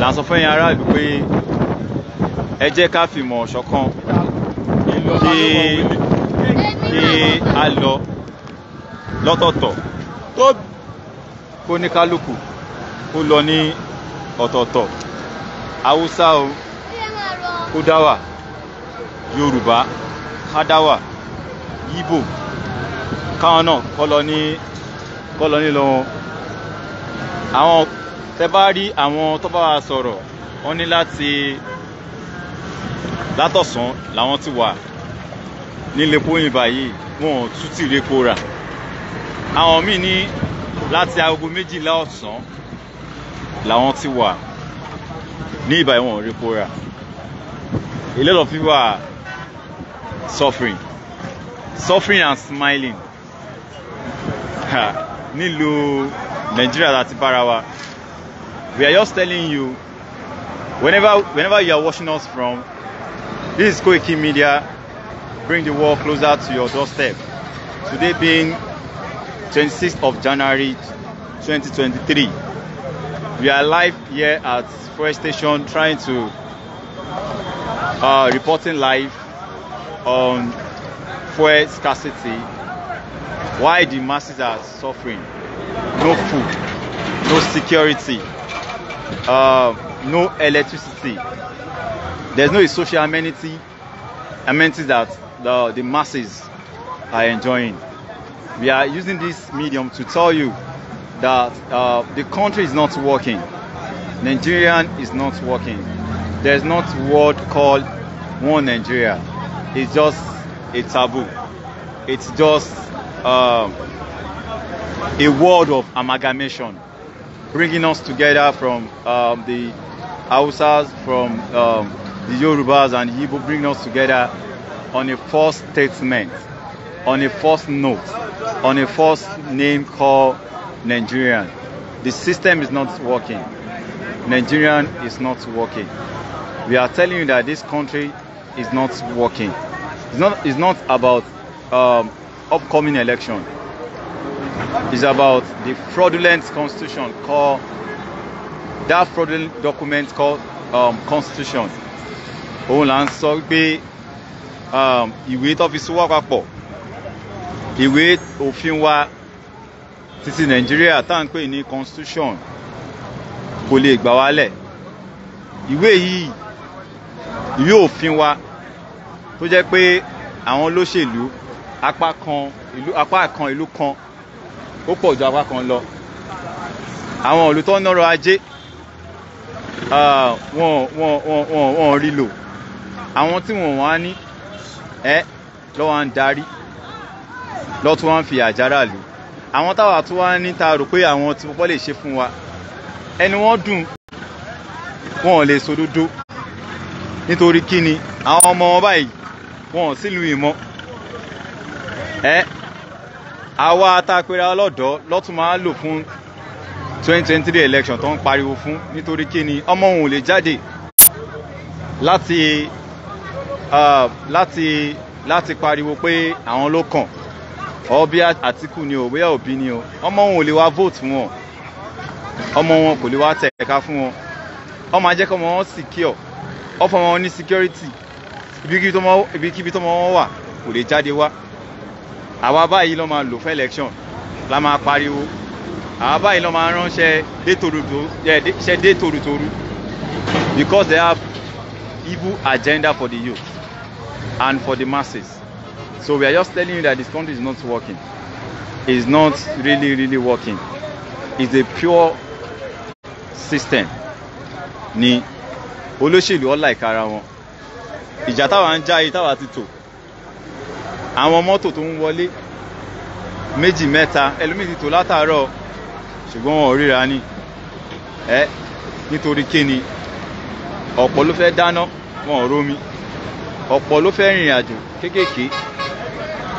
là fún ẹ̀yin aráàlú pé ẹ jẹ́ ká fìmọ̀ ṣọ̀kan kí kí a lọ lọ́tọ̀ọ̀tọ̀ kó ní kálukú kó lọ ní ọ̀tọ̀ọ̀tọ̀ haúsá o kódáwà yorùbá kádáwà yíbò káwọn náà kọlọ ní kọlọ nílò wọn àwọn tẹ bá rí àwọn tó bá wa sọ̀rọ̀ wọ́n ní láti látọ̀sán làwọn ti wà nílépo yìnbà yìí wọn tún ti répo rà àwọn míì ní láti aago méjìlá ọ̀sán làwọn ti wà ní ìbá ìwọ̀n rí a lot of people are suffering suffering and smiling nílùú Nigeria that's bára wa we are just telling you whenever whenever you are watching us from this is Koiki Media bring the world closer to your doorstep today being 26th of January 2023 we are live here at Fresh Station trying to uh, reporting live on fuel scarcity, why the masses are suffering, no food, no security, uh, no electricity. There's no social amenity, amenities that the, the masses are enjoying. We are using this medium to tell you that uh, the country is not working. Nigerian is not working. There's not word called one Nigeria. It's just a taboo. It's just uh, a word of amalgamation, bringing us together from um, the Hausas, from um, the Yorubas and Igbo, bringing us together on a false statement, on a false note, on a false name called Nigerian. The system is not working. Nigerian is not working. We are telling you that this country is not working. It's not, it's not about um, upcoming election. It's about the fraudulent constitution called that fraudulent document called um, constitution. Òun là ń sọ pé um, ìwé tó fi sọ wá papọ̀ ìwé òfin wa títí nàìjíríà tá à ń pè ní constitution kò lè gbà wálẹ̀ ìwé yìí ìwé òfin wa tó jẹ́ pé àwọn olóṣèlú apá kan ìlú apá kan ìlú kan ó pọ̀ ju apá kan lọ àwọn ìlú tó ń nọ́rọ̀ ajé wọn wọn wọn wọn rí lò àwọn tí wọn wá ní ẹ lọ́wọ́ à ń darí lọ́tún wá ń fi àjàrà lù àwọn táwa tó wá ní ta rò pé àwọn tí púpọ̀ lè ṣe fún wa ẹni wọ́n dùn wọn ò lè sòdodo nítorí kíni àwọn ọmọ wọn báyìí wọn sílùú ìmọ̀ ẹ àwa atapẹ̀rẹ̀ ọlọ́dọ̀ lọ́tún máa lò fún 2023 election tó ń pariwo fún nítorí kíni ọmọ òun ò lè jáde láti láti láti pariwo pé àwọn ló kàn ọ bí Àtíkù ni o bóyá Òbí ni o ọmọ wọn ò lè wá vote fún wọn ọmọ wọn kò lè wá tẹ̀ka fún wọn ọmọ ajẹ́ kọ́ ọmọ wọn secure ọfọ wọn ní security ibikíbi tọ́mọ wọn wà kò lè jáde wá àwa báyìí lọ́ máa lò fún election la máa pariwo àwa báyìí lọ́ máa ránṣẹ́ dé torutoru because they have evil agenda for the youth and for the masses. So we are just telling you that this country is not working. It's not really, really working. It's a pure system. Ni olóṣèlú ọ̀la ìkara wọn. Ìjà táwa ń já yìí táwa ti tò. Àwọn mọ́tò tó ń wọlé méjì mẹ́ta ẹlòmíì ti tò látàárọ̀ ṣùgbọ́n wọn ò ríra ni. Ẹ nítorí kíni ọ̀pọ̀ ló fẹ́ dáná wọn ò rómi ọ̀pọ̀ ló fẹ́ rìnrìn àjò kéékèèké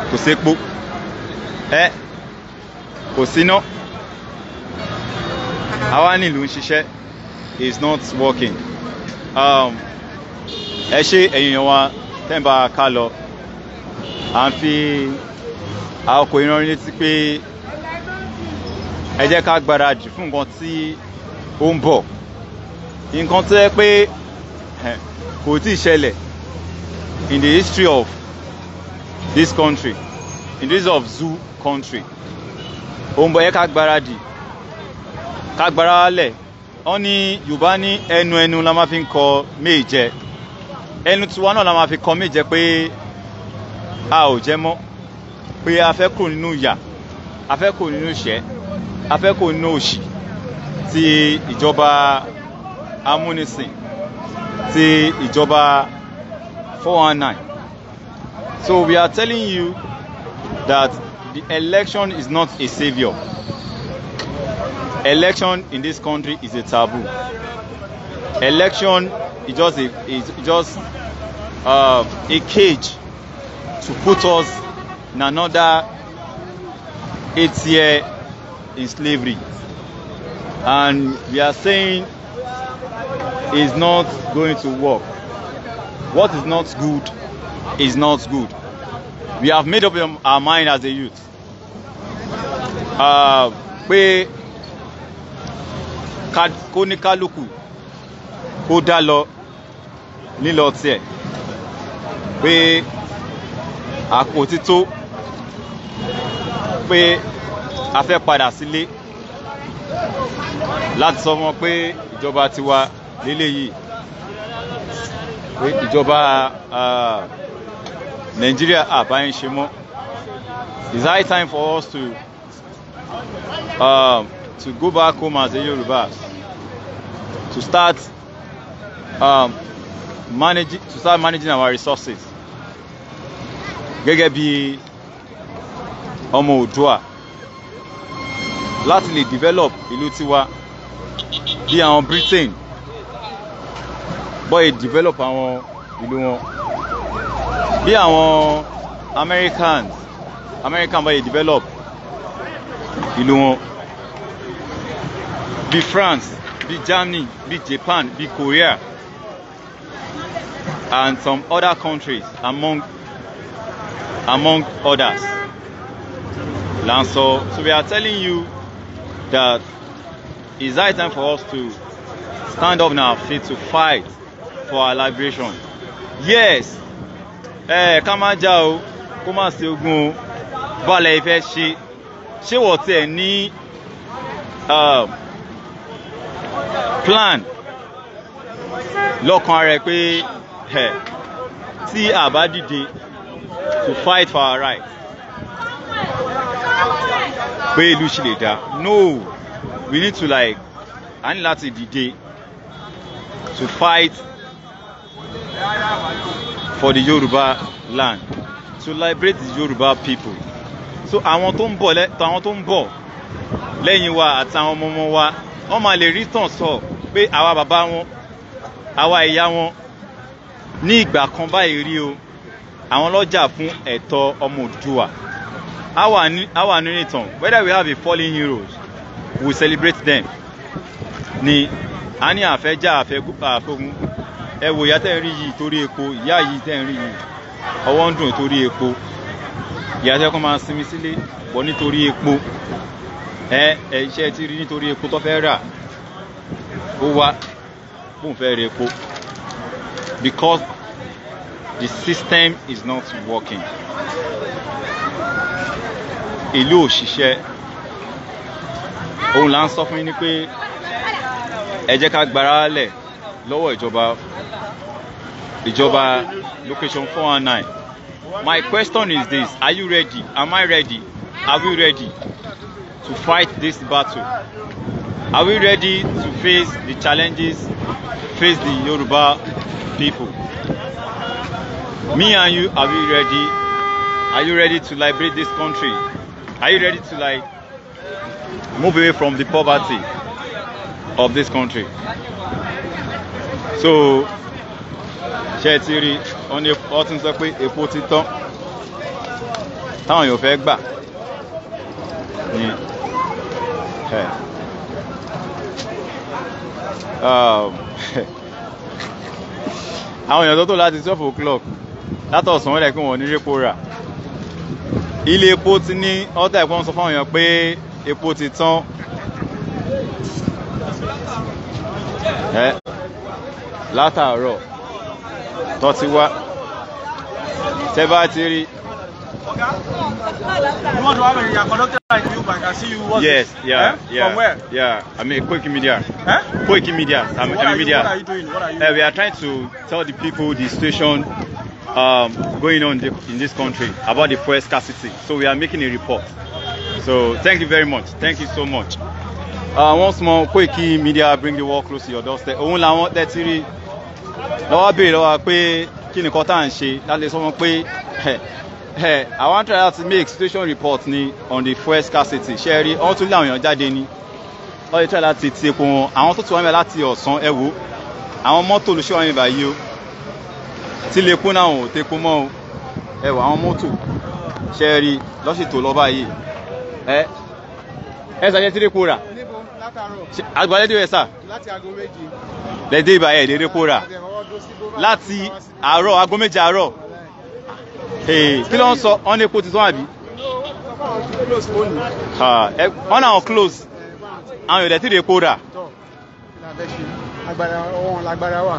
kò sépo ẹ kò síná àwa nílùú ń ṣiṣẹ́ is not working um, ẹ ṣe ẹ̀yìn wa tẹ́ǹbà ká lọ à ń fi àwọn ọkọ̀ ìran létí pé ẹ jẹ́ ká gbáradì fún nǹkan tí ó ń bọ̀ nǹkan tó yẹ pé kò tí ì ṣẹlẹ̀ in the history of this country in this of zoo country òun bọ̀ yẹ ká gbáradì ká gbára lẹ̀ wọ́n ní yorùbá ní ẹnu ẹnu la máa fi ń kọ méje ẹnu tiwa náà la máa fi kọ méje pé a ò jẹ mọ́ pé a fẹ́ kúrò nínú ìyà a fẹ́ kúrò nínú ìṣẹ́ a fẹ́ kúrò nínú òṣì ti ìjọba amúnisìn ti ìjọba four one nine So we are telling you that the election is not a savior. Election in this country is a taboo. Election is just a is just uh, a cage to put us in another eight year in slavery. And we are saying it's not going to work. What is not good is not good. We have made up our mind as a youth. Uh, pé kó ní kálukú kó dá lọ lílọ tiẹ̀ pé àpò tító pé a fẹ́ padà sílé láti sọ wọn pé ìjọba tiwa lélẹ́yìí pé ìjọba. Uh, Nigeria app ayin ṣe it's high time for us to um, to go back home as a Yoruba to start um, managing to start managing our resources gẹ́gẹ́ bí ọmọ Oòduà láti lè develop ìlú tiwa bí àwọn Britain bọ́ọ̀ develop àwọn ìlú wọn bí àwọn Americans American bá yẹ develop ìlú wọn bí France bí Germany bí Japan bí Korea and some other countries among among others. And so, so we are telling you that it's high time for us to stand up now, fit to fight for our liberation. Yes, ẹ ká má já o kó má ṣe ogun o bọ́ọ̀lù ìfẹ́ ṣe ṣé wọ́n tiẹ̀ ní plan lọ́kàn rẹ̀ pé ẹ tí a bá dìde to fight for our rights. pé ìlú ṣì lè dá no we need to like a ní láti dìde to fight for the Yoruba land to liberate the Yoruba people so àwọn tó ń bọ̀ àwọn tó ń bọ̀ lẹ́yìn wa àti àwọn ọmọ ọmọ wa wọ́n máa lè rí tàn sọ pé àwa bàbá wọn àwa ìyá wọn ní ìgbà kan báyìí rí o àwọn lọ́jà fún ẹ̀tọ́ ọmọ Òdùduwà àwa nínú ìtàn whether we have a fallen heroes we celebrate them ni a ní àfẹ́jà àfẹ́gun ẹ wò ìyá tẹ́ ń rí yìí torí epo ìyá yìí tẹ́ ń rí yìí ọwọ́ ń dùn torí epo ìyá tẹ́ kọ́ máa sinmi sílé bọ́ nítorí epo ẹ ẹ iṣẹ́ ti rí nítorí epo tó fẹ́ rà ó wá bóun fẹ́ rẹ epo because the system is not working ìlú òṣìṣẹ́ òun là ń sọ fún yín ni pé ẹ jẹ́ ká gbára lẹ̀ lọ́wọ́ ìjọba ìjọba location four one nine my question is this are you ready am I ready are we ready to fight this battle are we ready to face the challenges face the Yoruba people me and you are we ready are you ready to liberate this country are you ready to like move away from the poverty of this country so ṣe ti rí wọ́n ti ń sọ pé epo ti tán táwọn èèyàn fẹ́ gbà ni um, àwọn èèyàn tó tó láti twelve o'clock látọ̀sán rẹ̀ kí wọ́n ní répo rà ilé epo ti ní ọ́tà ẹ̀kọ́ ń sọ fáwọn èèyàn pé epo ti tán látàárọ̀ tó ti wá tẹ́ bá ti rí. You want to have a, conductor like you, but I can see you. What yes, yeah, eh? yeah. From where? Yeah, I'm a quick Media. Eh? Koiki Media. I'm, what I'm a media. what are you doing? What are you? Uh, we are trying to tell the people the situation um, going on the, in this country about the fuel scarcity. So we are making a report. So thank you very much. Thank you so much. Uh, once more Koiki media bring the world close to your doorstep òun làwọn tẹ́tí rí lọ́wọ́ béèrè lọ́wọ́ pé kí nìkan tá à ń ṣe láti sọ wọn pé I wan try to make situation report ni on the first scarcity ṣe rí wọ́n tún lé àwọn èèyàn jáde ni wọ́n lè try láti ti epo wọn àwọn tó ti wọ́n mẹ́ láti ọ̀sán ẹ wò àwọn mọ́tò olùṣọ́ wọn ìbàyí o tí lè kún náà ò tẹ́ kún mọ́ o ẹ wò àwọn mọ́tò ṣe rí lọ́sìtò lọ́ba yìí ẹ ẹ ṣàjẹ́ tí lè kó rà látàárọ̀. àgbàlẹ́ dé rẹ̀ sà. láti aago méje. lẹ́dẹ̀ ìbà ẹ̀ lédè kóra. láti àárọ̀ aago méje àárọ̀. kí ló ń sọ ọ́n ní epo tuntun àbí. wọ́n náà close. àwọn ìrẹ̀tì rẹ̀ kóra. ọ̀hún lágbára wà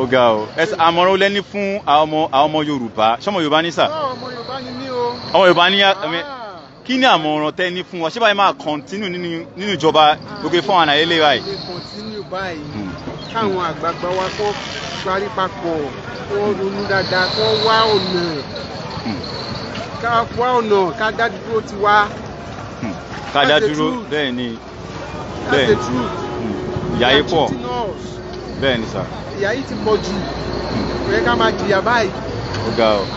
ó ga o àmọ̀ràn ó lẹ́ni fún àwọn ọmọ yorùbá ṣọmọ yorùbá ní sà ọmọ yorùbá ní o ọmọ yorùbá ní kí ni àmọ̀ràn tẹ́ ní fún wọn ṣé báyìí máa kọ́ntínú nínú ìjọba lókè fún àwọn àlàyé léwà yìí. kọ́ntínú báyìí hmm. káwọn àgbààgbà wa kó parí papọ̀ kó ronú dáadáa kó wá ọ̀nà hmm. ká wá ọ̀nà ká dá dúró ti wá. Hmm. ká dá dúró bẹ́ẹ̀ ni bẹ́ẹ̀ ni pọ̀ bẹ́ẹ̀ ni sà. ìyà ti pọ̀ jù ó ká máa jìyà báyìí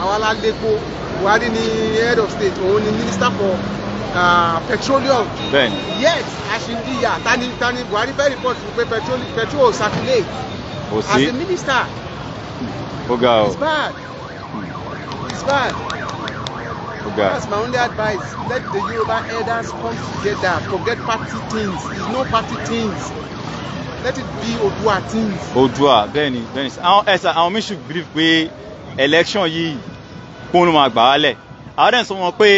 àwa la lépo buhari ni head of state òun ni minister for uh, petroleum. bẹ́ẹ̀ni. yes aṣíndíyà uh, tani tani buhari fẹ́ report pé petrol petrol circulate. kò sí as a minister. ó ga o. it's bad it's bad. ó ga. that's my only advice let the Yoruba elders come together forget party things it's no party things let it be Oòduà things. Oòduà bẹ́ẹ̀ni bẹ́ẹ̀ni àwọn ẹsẹ àwọn mi should believe pé election yìí kóun máa gbà wálẹ̀ àwọn dẹ̀ sọ wọn pé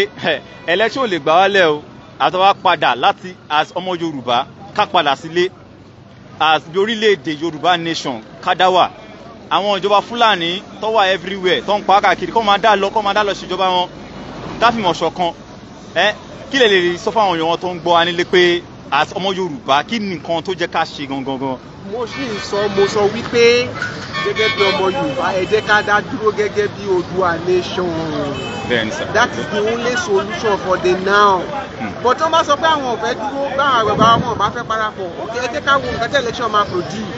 election lè gbà wálẹ̀ o àtàwọn padà láti as ọmọ yorùbá ká padà sílé as bí orílẹ̀-èdè yorùbá nation kádàwà àwọn ìjọba fúlàní tó wà everywhere tó ń pa káàkiri kó máa dá lọ kó máa dá lọ ṣèjọba wọn dáfìmọ̀ ṣọ̀kan ẹ kí lè lè sọ fáwọn èèyàn wọn tó ń gbọ́ anílé pé as ọmọ yorùbá kí ni tó jẹ́ ká ṣe gangan gan. mo sì sọ mo sọ wípé gẹ́gẹ́ bí ọmọ yorùbá ẹ jẹ́ ká dá dúró gẹ́gẹ́ bí Oòduà nation. bẹ́ẹ̀ni sir. that is the only solution for the now. Hmm. but wọ́n bá sọ pé àwọn ò fẹ́ dúró báwọn bàbá wọn bá fẹ́ parapọ̀ ok ẹ jẹ́ ká wo nǹkan tí election máa produce.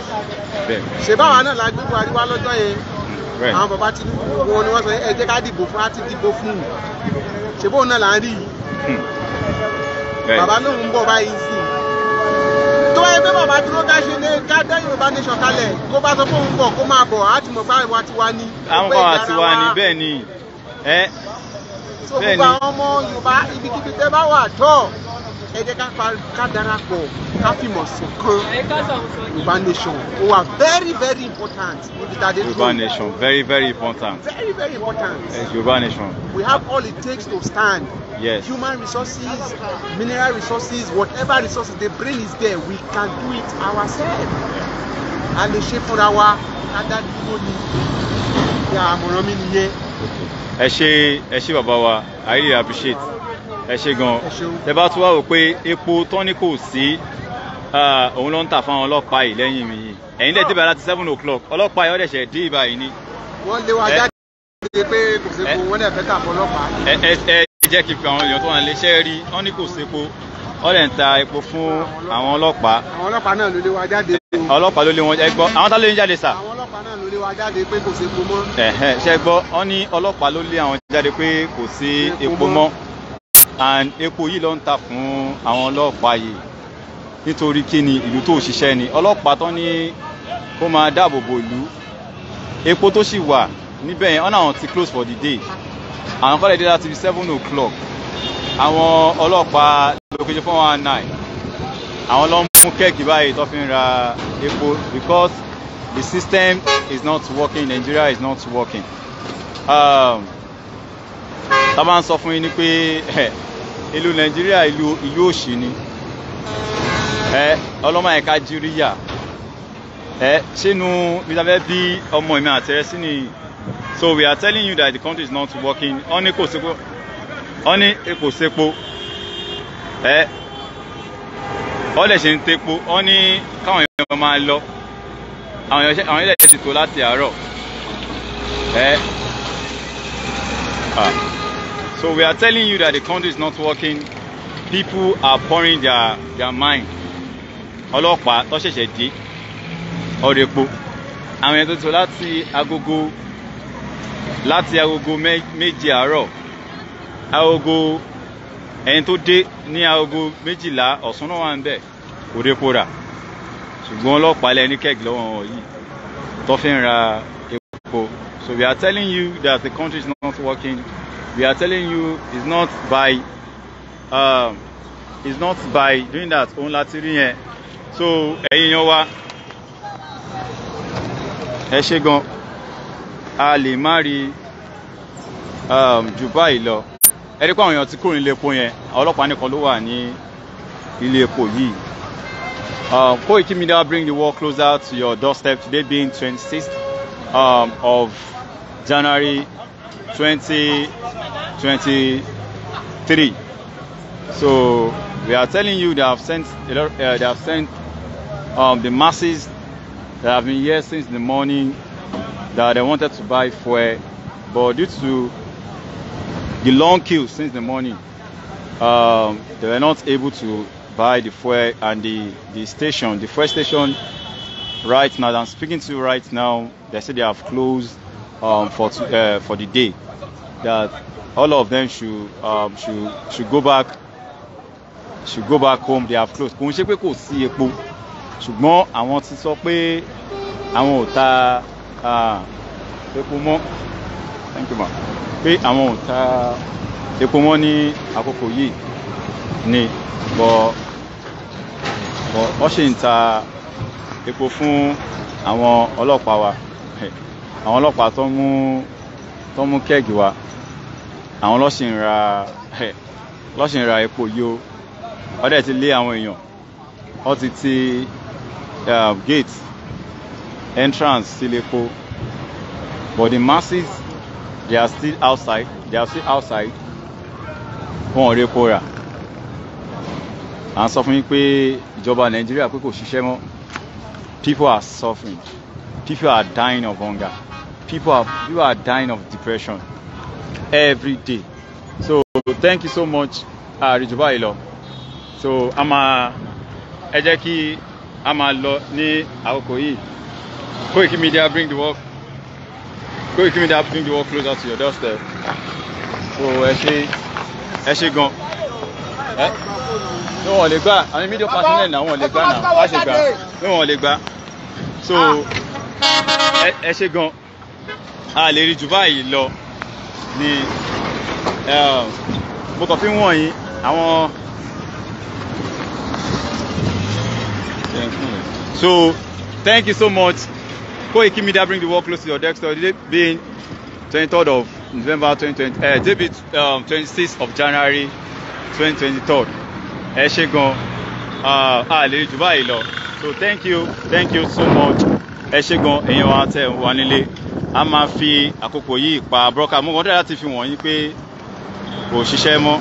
bẹ́ẹ̀ni. báwa náà la gbé buhari wá lọ́jọ́ yẹn. Hmm, àwọn bàbá tinubu wọn ni wọ́n sọ ẹ jẹ́ ká dìbò fún á dìbò fún un ṣèbóun náà là ń rí yìí. Hmm bàbá náà ń bọ̀ báyìí sí tó wáyé pé bàbá dúró dáṣe ní gádá yorùbá nation kalẹ̀ kó bá sọ pé òun bọ̀ kó máa bọ̀ á ti mọ̀ báyìí wá ti wá ní. àwọn kan wà ti wá bẹ́ẹ̀ ni. so gbogbo àwọn ọmọ yorùbá ibikíbi tẹ́ bá wà tọ́ ẹ jẹ́ ká darapọ̀ ká fìmọ̀ ṣọ̀kan Yorùbá nation ó wà very very important níbi tá a dé tó Yorùbá nation very very important very very important Yorùbá nation we have all it takes to stand yes human resources mineral resources whatever resources the brain is there we can do it ourselves a lè ṣe fúnra wa ká dá dúró ní ìyá àmọ̀ràn mi nìyẹn. ẹ ṣé ẹ ṣé bàbá wa I really appreciate ẹ ṣe gan ẹ bá tún wá wò pé epo tọ́ni kò sí òun ló ń tà fáwọn ọlọ́pàá yìí lẹ́yìn mi yìí ẹ̀yin lẹ́ẹ̀dẹ́ bá láti seven o'clock ọlọ́pàá yìí ọ̀dẹ̀ṣẹ̀ dí ìbá yìí ni. wọ́n lé wa jáde pé kò sépo wọ́n dẹ̀ fẹ́ tà fún ọlọ́pàá. ẹ ẹ jẹ́ kí n fi àwọn èèyàn tó wà nílé iṣẹ́ rí wọ́n ní kò sépo wọ́n dẹ̀ ń ta epo fún àwọn ọlọ́pàá. àwọn ọlọ́pàá náà ló lé wa jáde. ọlọ́pàá ló lé wọn jáde gbọ́ àwọn tá ló lé jáde sà. àwọn ọlọ́pàá náà ló lé wa jáde pé kò sépo and epo yìí ló ń ta fún àwọn ọlọ́pàá yìí nítorí kí ni ìlú tó ṣiṣẹ́ ni ọlọ́pàá tán ní kó máa dáàbò bò ìlú epo tó sì wà níbẹ̀ yẹn ọ̀nà àwọn ti close for the day àwọn kọ́lẹ̀ dé láti seven o'clock àwọn ọlọ́pàá location four one nine àwọn ló ń mú kẹ́ẹ̀kì báyìí tó fi ń ra epo because the system is not working Nigeria is not working. Um, tá ń sọ fún yín ni pé ìlú nàìjíríà ìlú òṣì ni ọlọ́mọ ẹ̀ka jíríyà sínú ìdáfẹ́ bí ọmọ mi àtẹ̀rẹ́ sí ni so we are telling you that the country is not working wọ́n ní kò sepo wọ́n ní kò lè ṣe ń tepo wọ́n ní káwọn èèyàn máa lọ àwọn èèyàn àwọn èèyàn láti àárọ̀ Ah. So we are telling you that the country is not working. People are pouring their their mind. Ọlọ́pàá tó ṣẹ̀ṣẹ̀ dé ọ̀rọ̀ epo. Àwọn èèyàn tó ti sọ láti agogo láti agogo méje àárọ̀. Agogo ẹni tó dé ní agogo méjìlá ọ̀sán náà wà ń bẹ̀ kò répo rà. Ṣùgbọ́n ọlọ́pàá lẹni kẹ́gì lọ́wọ́ wọn yìí tó fi ń ra epo. So we are telling you that the country is not working we are telling you it's not by um, it's not by doing that òun láti rí so ẹ̀yin yan wa ẹ ṣe gan a lè má rí um, jù báyìí lọ ẹ rí pé àwọn èèyàn ti kúrò nílé epo yẹn àwọn ọlọ́pàá nìkan ló wà ní ilé epo yìí. Um, Koiki Media bring the war closer to your doorstep today being twenty-sixth um, of January 2023. So we are telling you they have sent uh, they have sent um, the masses that have been here since the morning that they wanted to buy fuel, but due to the long queue since the morning, um, they were not able to buy the fuel and the, the station, the fuel station right now I'm speaking to right now, they said they have closed um, for uh, for the day. That all of them should um, should should go back should go back home they have closed. kò ṣe pé kò sí epo ṣùgbọ́n àwọn ti sọ pé àwọn ò ta epo mọ́ thank you ma pé àwọn ò ta epo mọ́ ní àkókò yìí ni bọ̀ bọ̀ wọ́n ṣì ń ta epo fún àwọn ọlọ́pàá wa àwọn ọlọ́pàá tó mú tó mú kẹ́ẹ̀gì wa àwọn lọ́sìn ra lọ́sìn ra epo yìí o ti lé àwọn èèyàn wọ́n ti ti um, gate entrance sílé epo but the masses they are still outside they are still outside wọn ò rí epo rà à ń sọ fún yín pé ìjọba nàìjíríà pé kò ṣiṣẹ́ mọ́ people are suffering people are dying of hunger people are you are dying of depression every day so thank you so much àrìjọba uh, ìlọ so a máa ẹ jẹ́ kí a máa lọ ní àkókò yìí Koiki Media bring the work Koiki Media bring the work closer to your doorstep so ẹ ṣe ẹ ṣe gan ẹ ní wọn lè gbà àwọn media personnel náà wọn lè gbà náà wọn á ṣe gbà ní wọn lè gbà so ah. ẹ ṣe gan a lè rí jù báyìí lọ ni um, mo kàn fi ń wọ̀nyí àwọn so thank you so much Koiki Media bring the world close to your desktop today being 23rd of November 2020 uh, debit um, 26th of January 2023 ẹ ṣé gan-an ah, a lè rí jù báyìí lọ so thank you thank you so much ẹ ṣé gan èèyàn wa tẹ̀ wá nílé a máa fi àkókò yìí pa búrọ́kà mú wọn dára láti fi wọ̀nyí pé kò ṣiṣẹ́ mọ́.